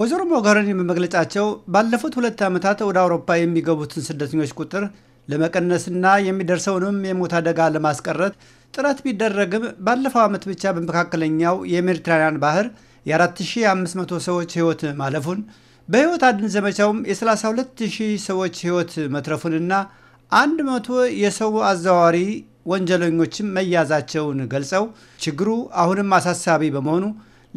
ወይዘሮ ሞገሪኒ በመግለጫቸው ባለፉት ሁለት ዓመታት ወደ አውሮፓ የሚገቡትን ስደተኞች ቁጥር ለመቀነስና የሚደርሰውንም የሞት አደጋ ለማስቀረት ጥረት ቢደረግም ባለፈው ዓመት ብቻ በመካከለኛው የሜዲትራንያን ባህር የ4500 ሰዎች ሕይወት ማለፉን በሕይወት አድን ዘመቻውም የ32000 ሰዎች ሕይወት መትረፉንና 100 የሰው አዘዋዋሪ ወንጀለኞችም መያዛቸውን ገልጸው ችግሩ አሁንም አሳሳቢ በመሆኑ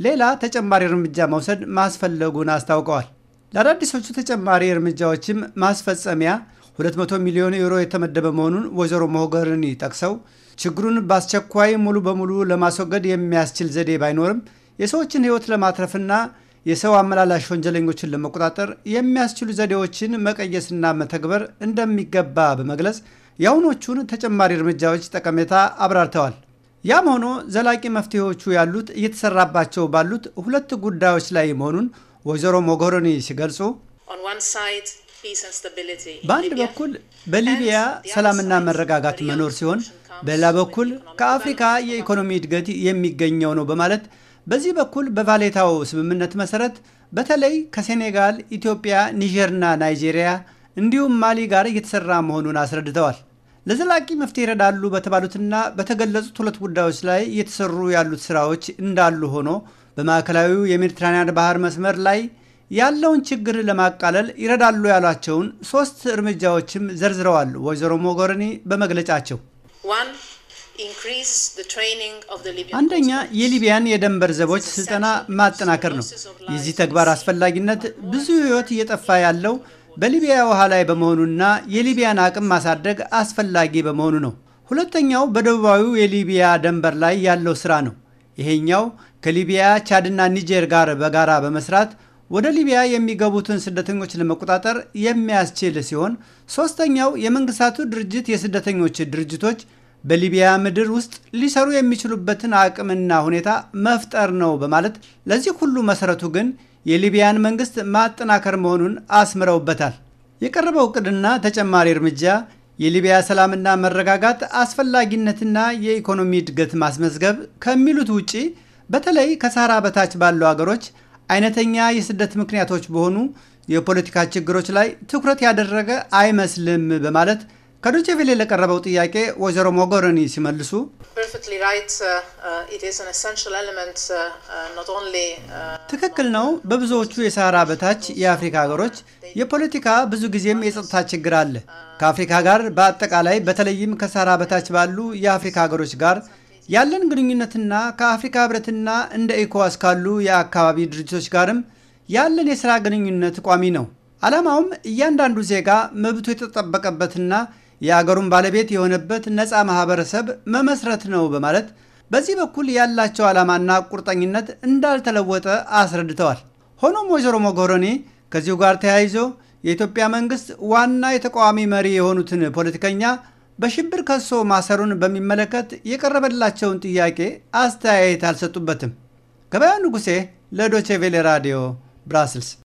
ሌላ ተጨማሪ እርምጃ መውሰድ ማስፈለጉን አስታውቀዋል። ለአዳዲሶቹ ተጨማሪ እርምጃዎችም ማስፈጸሚያ 200 ሚሊዮን ዩሮ የተመደበ መሆኑን ወይዘሮ ሞገሪኒ ጠቅሰው ችግሩን በአስቸኳይ ሙሉ በሙሉ ለማስወገድ የሚያስችል ዘዴ ባይኖርም የሰዎችን ሕይወት ለማትረፍና የሰው አመላላሽ ወንጀለኞችን ለመቆጣጠር የሚያስችሉ ዘዴዎችን መቀየስና መተግበር እንደሚገባ በመግለጽ የአሁኖቹን ተጨማሪ እርምጃዎች ጠቀሜታ አብራርተዋል። ያም ሆኖ ዘላቂ መፍትሄዎቹ ያሉት እየተሰራባቸው ባሉት ሁለት ጉዳዮች ላይ መሆኑን ወይዘሮ ሞጎሮኒ ሲገልጹ በአንድ በኩል በሊቢያ ሰላምና መረጋጋት መኖር ሲሆን በሌላ በኩል ከአፍሪካ የኢኮኖሚ እድገት የሚገኘው ነው በማለት በዚህ በኩል በቫሌታው ስምምነት መሰረት በተለይ ከሴኔጋል፣ ኢትዮጵያ፣ ኒጀርና ናይጄሪያ እንዲሁም ማሊ ጋር እየተሰራ መሆኑን አስረድተዋል። ለዘላቂ መፍትሄ ይረዳሉ በተባሉትና በተገለጹት ሁለት ጉዳዮች ላይ እየተሰሩ ያሉት ስራዎች እንዳሉ ሆኖ በማዕከላዊው የሜዲትራንያን ባህር መስመር ላይ ያለውን ችግር ለማቃለል ይረዳሉ ያሏቸውን ሶስት እርምጃዎችም ዘርዝረዋል ወይዘሮ ሞጎሪኒ በመግለጫቸው። አንደኛ የሊቢያን የደንበር ዘቦች ስልጠና ማጠናከር ነው። የዚህ ተግባር አስፈላጊነት ብዙ ሕይወት እየጠፋ ያለው በሊቢያ ውሃ ላይ በመሆኑና የሊቢያን አቅም ማሳደግ አስፈላጊ በመሆኑ ነው። ሁለተኛው በደቡባዊው የሊቢያ ደንበር ላይ ያለው ስራ ነው። ይሄኛው ከሊቢያ ቻድና ኒጀር ጋር በጋራ በመስራት ወደ ሊቢያ የሚገቡትን ስደተኞች ለመቆጣጠር የሚያስችል ሲሆን ሶስተኛው የመንግስታቱ ድርጅት የስደተኞች ድርጅቶች በሊቢያ ምድር ውስጥ ሊሰሩ የሚችሉበትን አቅምና ሁኔታ መፍጠር ነው በማለት ለዚህ ሁሉ መሰረቱ ግን የሊቢያን መንግስት ማጠናከር መሆኑን አስምረውበታል። የቀረበው እቅድና ተጨማሪ እርምጃ የሊቢያ ሰላምና መረጋጋት አስፈላጊነትና የኢኮኖሚ እድገት ማስመዝገብ ከሚሉት ውጪ በተለይ ከሳህራ በታች ባሉ አገሮች አይነተኛ የስደት ምክንያቶች በሆኑ የፖለቲካ ችግሮች ላይ ትኩረት ያደረገ አይመስልም በማለት ከዶቼ ቬሌ ለቀረበው ጥያቄ ወይዘሮ ሞጎረኒ ሲመልሱ perfectly right. Uh, uh, it is an essential element uh, not only ትክክል ነው። በብዙዎቹ የሳህራ በታች የአፍሪካ ሀገሮች የፖለቲካ ብዙ ጊዜም የጸጥታ ችግር አለ። ከአፍሪካ ጋር በአጠቃላይ በተለይም ከሳህራ በታች ባሉ የአፍሪካ ሀገሮች ጋር ያለን ግንኙነትና ከአፍሪካ ህብረትና እንደ ኢኮዋስ ካሉ የአካባቢ ድርጅቶች ጋርም ያለን የሥራ ግንኙነት ቋሚ ነው። ዓላማውም እያንዳንዱ ዜጋ መብቱ የተጠበቀበትና የአገሩን ባለቤት የሆነበት ነፃ ማህበረሰብ መመስረት ነው በማለት በዚህ በኩል ያላቸው ዓላማና ቁርጠኝነት እንዳልተለወጠ አስረድተዋል። ሆኖም ወይዘሮ ሞጎሮኒ ከዚሁ ጋር ተያይዞ የኢትዮጵያ መንግስት ዋና የተቃዋሚ መሪ የሆኑትን ፖለቲከኛ በሽብር ከሶ ማሰሩን በሚመለከት የቀረበላቸውን ጥያቄ አስተያየት አልሰጡበትም። ገበያው ንጉሴ ለዶቼ ቬሌ ራዲዮ ብራስልስ